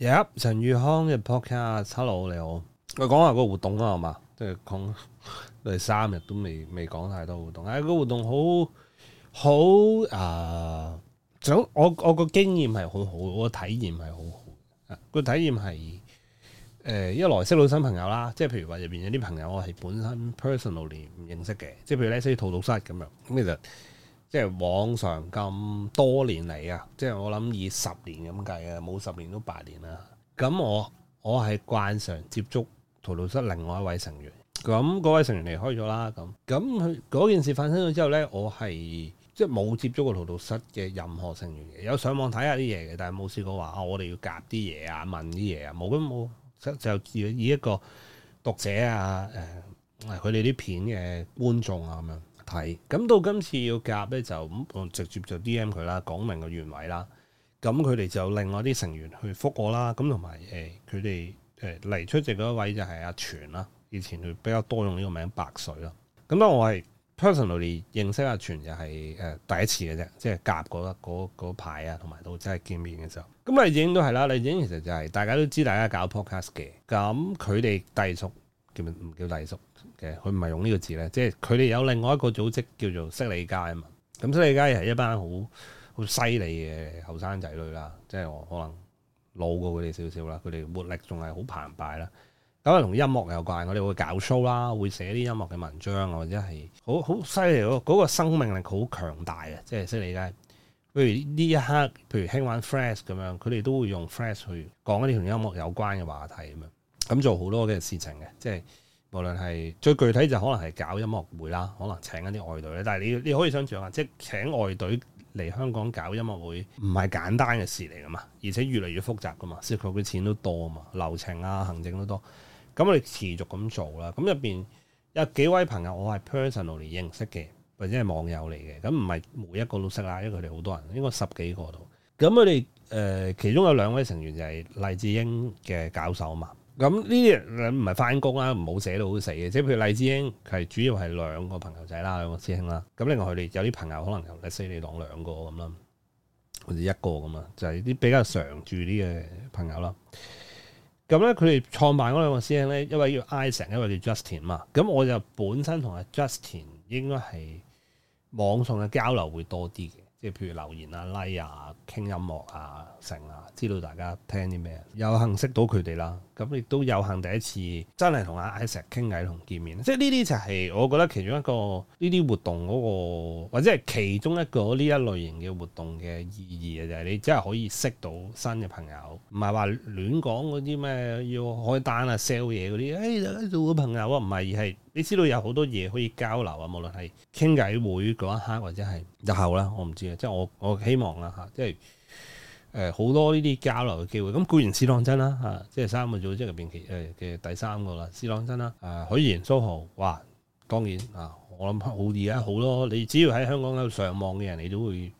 陳、yep, 宇康嘅 podcast，hello 你好，我講下個活動啊，好嘛，即係講嚟三日都未未講太多活動，誒個活動好好啊，就我我個經驗係好好，我個體驗係好好嘅，個、啊、體驗係誒一來識到新朋友啦，即係譬如話入邊有啲朋友我係本身 personally 唔認識嘅，即係譬如咧識啲套路 set 咁樣，咁其實。即係往常，咁多年嚟啊！即係我諗以十年咁計啊，冇十年都八年啦。咁我我係慣常接觸陶陶室另外一位成員。咁嗰位成員離開咗啦。咁咁佢嗰件事發生咗之後呢，我係即係冇接觸過陶陶室嘅任何成員。有上網睇下啲嘢嘅，但係冇試過話啊，我哋要夾啲嘢啊，問啲嘢啊，冇。咁我就以以一個讀者啊，誒、啊，佢哋啲片嘅觀眾啊咁樣。係咁到今次要夾咧，就咁我直接就 DM 佢啦，講明個原委啦。咁佢哋就另外啲成員去覆我啦。咁同埋誒佢哋誒嚟出席嗰一位就係阿全啦，以前佢比較多用呢個名白水咯。咁我係 personally 認識阿全，就係，就係誒第一次嘅啫，即係夾嗰嗰嗰排啊，同埋到真係見面嘅時候。咁李影都係啦，李影其實就係、係、大家都知，大家搞 podcast 嘅。咁佢哋繼續。叫唔叫大叔嘅？佢唔係用呢個字咧，即係佢哋有另外一個組織叫做悉利街啊嘛。咁悉利街係一班好好犀利嘅後生仔女啦，即係我可能老過佢哋少少啦，佢哋活力仲係好澎湃啦。咁啊，同音樂有關，我哋會搞 show 啦，會寫啲音樂嘅文章啊，或者係好好犀利咯。嗰個生命力好強大嘅，即係悉利街，譬如呢一刻，譬如興玩 fresh 咁樣，佢哋都會用 fresh 去講一啲同音樂有關嘅話題啊嘛。咁做好多嘅事情嘅，即係無論係最具體就可能係搞音樂會啦，可能請一啲外隊咧。但係你你可以想象啊，即係請外隊嚟香港搞音樂會唔係簡單嘅事嚟噶嘛，而且越嚟越複雜噶嘛，涉及嘅錢都多啊嘛，流程啊、行政都多。咁我哋持續咁做啦。咁入邊有幾位朋友，我係 personally 認識嘅，或者係網友嚟嘅。咁唔係每一個都識啦，因為佢哋好多人，應該十幾個度。咁佢哋誒，其中有兩位成員就係黎智英嘅教授啊嘛。咁呢啲唔係翻工啦，唔好寫到好死嘅，即係譬如荔枝英佢主要係兩個朋友仔啦，兩個師兄啦。咁另外佢哋有啲朋友可能由迪士你當兩個咁啦，好似一個咁啊，就係、是、啲比較常住啲嘅朋友啦。咁咧佢哋創辦嗰兩個師兄咧，一位叫 I 成，一位叫 Justin 嘛。咁我就本身同阿 Justin 應該係網上嘅交流會多啲嘅，即係譬如留言啊、like 啊、傾音樂啊、成啊，知道大家聽啲咩，有幸識到佢哋啦。咁亦都有幸第一次真係同阿艾石傾偈同見面，即係呢啲就係我覺得其中一個呢啲活動嗰、嗰個，或者係其中一個呢一類型嘅活動嘅意義啊，就係你真係可以識到新嘅朋友，唔係話亂講嗰啲咩要開單啊、sell 嘢嗰啲，誒、哎、做個朋友啊，唔係而係你知道有好多嘢可以交流啊，無論係傾偈會嗰一刻或者係日後啦，我唔知啊，即係我我希望啦嚇，即係。誒好多呢啲交流嘅機會，咁固然試當真啦、啊、嚇、啊，即係三個組織即係入邊其嘅、呃、第三個啦，試當真啦、啊，誒、啊、許賢蘇豪，哇，當然啊，我諗好而家好多你只要喺香港喺度上網嘅人，你都會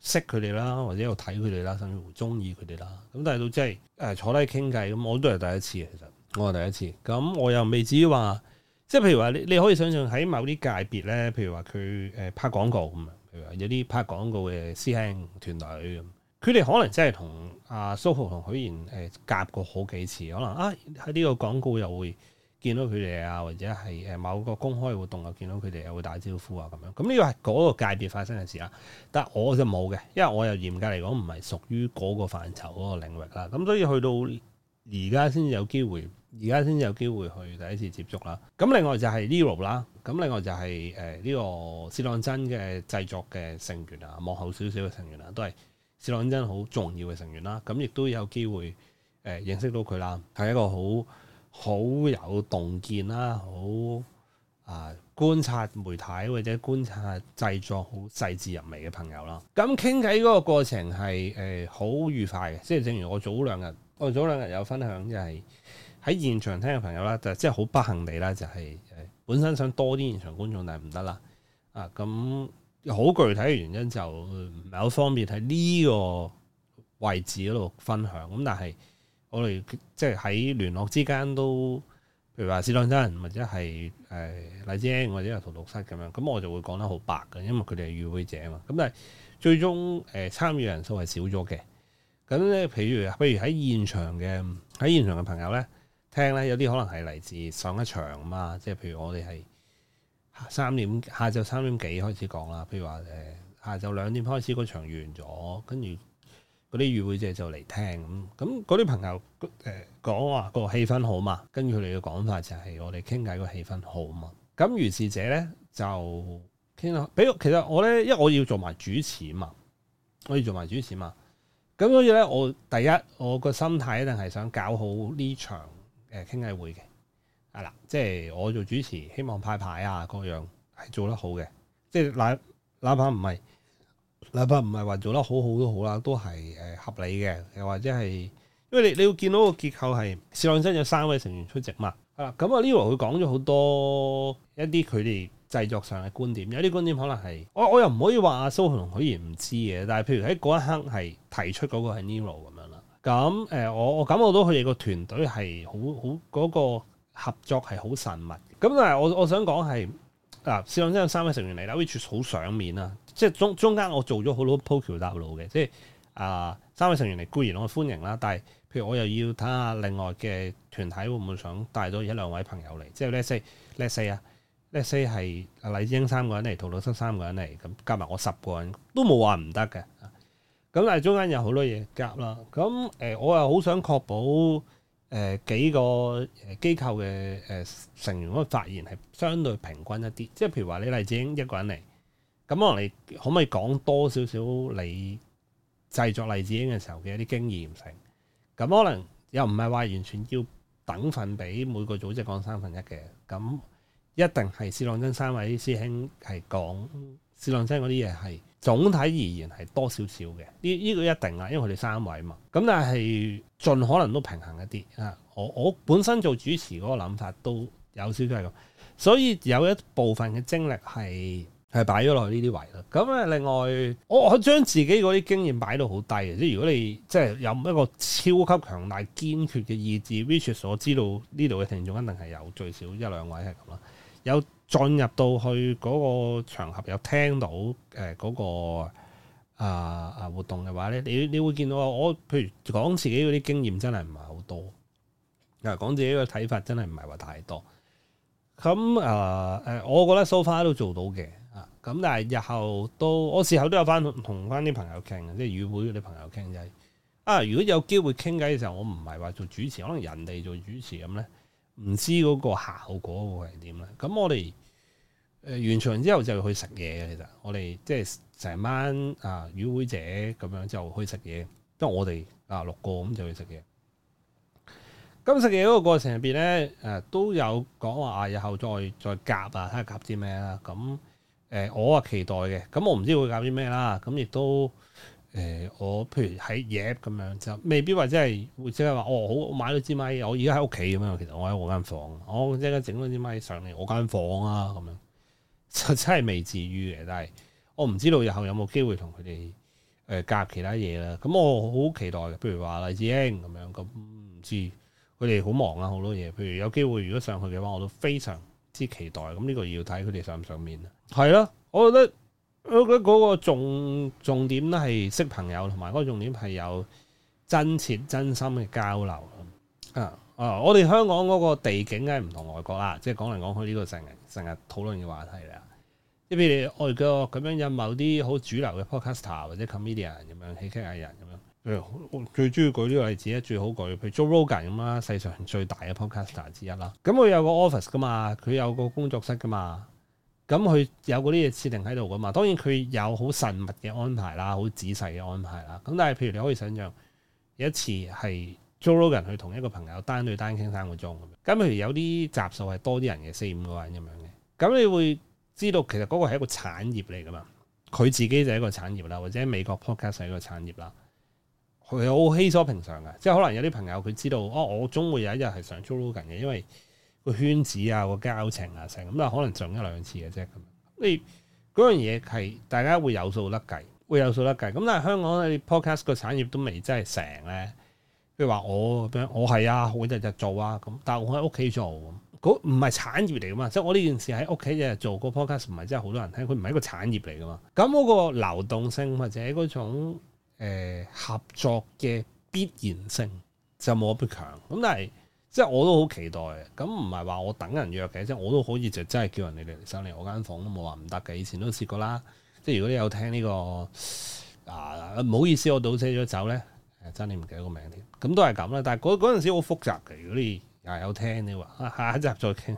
識佢哋啦，或者度睇佢哋啦，甚至乎中意佢哋啦。咁但係到即係誒、啊、坐低傾偈咁，我都係第一次啊，其實我係第一次，咁我，我又未至於話，即係譬如話你你可以想象喺某啲界別咧，譬如話佢誒拍廣告咁啊，譬如話有啲拍廣告嘅師兄團隊咁。佢哋可能真係同阿蘇豪同許賢誒夾過好幾次，可能啊喺呢個廣告又會見到佢哋啊，或者係誒某個公開活動又見到佢哋，又會打招呼啊咁樣。咁呢個係嗰個界別發生嘅事啊，但我就冇嘅，因為我又嚴格嚟講唔係屬於嗰個範疇嗰個領域啦。咁、嗯、所以去到而家先有機會，而家先有機會去第一次接觸啦。咁、嗯、另外就係 Zero 啦、嗯，咁另外就係誒呢個試當真嘅製作嘅成員啊，幕後少少嘅成員啊，都係。志朗真係好重要嘅成員啦，咁亦都有機會誒認識到佢啦，係一個好好有洞見啦，好啊、呃、觀察媒體或者觀察製作好細緻入微嘅朋友啦。咁傾偈嗰個過程係誒好愉快嘅，即係正如我早兩日我早兩日有分享，就係、是、喺現場聽嘅朋友啦，就係即係好不幸地啦，就係、是、誒本身想多啲現場觀眾，但係唔得啦啊咁。好具體嘅原因就唔係好方便喺呢個位置嗰度分享咁，但係我哋即係喺聯絡之間都，譬如話史亮生或者係誒黎智英或者係陶六珊咁樣，咁我就會講得好白嘅，因為佢哋係與會者啊嘛。咁但係最終誒參與人數係少咗嘅。咁咧，譬如譬如喺現場嘅喺現場嘅朋友咧聽咧，有啲可能係嚟自上一場啊嘛，即係譬如我哋係。三點下晝三點幾開始講啦，譬如話誒下晝兩點開始嗰場完咗，跟住嗰啲與會者就嚟聽咁，咁嗰啲朋友誒講話個氣氛好嘛，跟住佢哋嘅講法就係我哋傾偈個氣氛好嘛，咁如是者咧就傾啦，比如其實我咧，因為我要做埋主持嘛，我要做埋主持嘛，咁所以咧我第一我個心態一定係想搞好呢場誒傾偈會嘅。係啦，即係我做主持，希望派牌啊，各樣係做得好嘅。即係嗱，哪怕唔係，哪怕唔係話做得好好都好啦，都係誒、呃、合理嘅。又或者係，因為你你要見到個結構係試當真有三位成員出席嘛。係啦，咁啊，Nero 佢講咗好多一啲佢哋製作上嘅觀點，有啲觀點可能係我我又唔可以話阿蘇紅許賢唔知嘅。但係譬如喺嗰一刻係提出嗰個係 Nero 咁樣啦。咁誒、呃，我我感覺到佢哋個團隊係好好嗰個。合作係好神秘，咁但係我我想講係嗱，試兩次有三位成員嚟啦 which 好賞面啊！即係中中間我做咗好多鋪橋搭路嘅，即係啊三位成員嚟固然我歡迎啦，但係譬如我又要睇下另外嘅團體會唔會想帶多一兩位朋友嚟，即係 let’s let’s say 啊，let’s say 係黎智英三個人嚟，陶老七三個人嚟，咁加埋我十個人都冇話唔得嘅。咁但係中間有好多嘢夾啦，咁誒、呃、我又好想確保。誒、呃、幾個誒機構嘅誒、呃、成員嗰個發言係相對平均一啲，即係譬如話你黎智英一個人嚟，咁可能你可唔可以講多少少你製作黎智英嘅時候嘅一啲經驗性？咁可能又唔係話完全要等份俾每個組織講三分一嘅，咁一定係司朗真三位師兄係講。少量聲嗰啲嘢係總體而言係多少少嘅，呢、呢、呢個一定啦，因為佢哋三位嘛，咁但係盡可能都平衡一啲啊。我我本身做主持嗰個諗法都有少少係咁，所以有一部分嘅精力係係擺咗落去呢啲位啦。咁啊，另外我我將自己嗰啲經驗擺到好低嘅，即係如果你即係有一個超級強大堅決嘅意志，Richard 所知道呢度嘅聽眾一定係有最少一兩位係咁啦，有。進入到去嗰個場合又聽到誒、那、嗰個啊啊、呃、活動嘅話咧，你你會見到我，譬如講自己嗰啲經驗真係唔係好多，啊講自己嘅睇法真係唔係話太多。咁啊誒，我覺得 so far 都做到嘅啊。咁但係日後都我事後都有翻同翻啲朋友傾，即係與會啲朋友傾偈。啊，如果有機會傾偈嘅時候，我唔係話做主持，可能人哋做主持咁咧。唔知嗰個效果會係點啦。咁我哋誒、呃、完場之後就要去食嘢嘅，其實我哋即係成晚啊，與、呃呃、會者咁樣就去食嘢。因為我哋啊、呃、六個咁就去食嘢。咁食嘢嗰個過程入邊咧，誒、呃、都有講話日後再再夾啊，睇下夾啲咩啦。咁誒、呃、我啊期待嘅。咁我唔知會夾啲咩啦。咁亦都。誒、呃，我譬如喺 a p p 咁樣，就未必話真係會即係話哦，好我買咗支咪，我而家喺屋企咁樣。其實我喺我房間、哦、我房，我即刻整咗支咪上嚟我間房啊，咁樣就真係未至於嘅。但係我唔知道日後有冇機會同佢哋誒夾其他嘢啦。咁我好期待嘅，譬如話黎智英咁樣，咁唔知佢哋好忙啊，好多嘢。譬如有機會如果上去嘅話，我都非常之期待。咁呢個要睇佢哋上唔上面啊。係囉，我覺得。我嗰、呃嗰個重重點咧係識朋友，同埋嗰個重點係有真切真心嘅交流。啊啊！我哋香港嗰個地景梗係唔同外國啦，即係講嚟講去呢，呢個成日成日討論嘅話題啦。即係譬如外國咁樣有某啲好主流嘅 podcaster 或者 comedian 咁樣喜劇藝人咁樣，我最中意舉呢個例子咧，最好舉譬如 Joe Rogan 咁啦，世上最大嘅 podcaster 之一啦。咁佢有個 office 㗎嘛，佢有個工作室㗎嘛。咁佢有嗰啲設定喺度噶嘛？當然佢有好細密嘅安排啦，好仔細嘅安排啦。咁但係譬如你可以想象，有一次係 Joel 人去同一個朋友單對單傾三個鐘咁樣。咁譬如有啲集數係多啲人嘅，四五個人咁樣嘅。咁你會知道其實嗰個係一個產業嚟噶嘛？佢自己就係一個產業啦，或者美國 Podcast 係一個產業啦。佢好稀疏平常嘅，即係可能有啲朋友佢知道，哦，我終會有一日係想 Joel 人嘅，因為。個圈子啊，個交情啊，成咁，但可能撞一兩次嘅啫。咁你嗰樣嘢係大家會有數得計，會有數得計。咁但係香港你 podcast 個產業都未真係成咧。譬如話我，我係啊，我日日、啊啊、做啊，咁但係我喺屋企做，嗰唔係產業嚟噶嘛。即、就、係、是、我呢件事喺屋企日日做個 podcast，唔係真係好多人聽，佢唔係一個產業嚟噶嘛。咁嗰個流動性或者嗰種、呃、合作嘅必然性就冇咁強。咁但係。即係我都好期待嘅，咁唔係話我等人約嘅，即係我都可以就真係叫人哋嚟收你我間房都冇話唔得嘅，以前都試過啦。即係如果你有聽呢個啊，唔好意思，我倒車咗走咧，真係唔記得個名添。咁都係咁啦，但係嗰嗰陣時好複雜嘅。如果你又有聽你話，下一集再傾。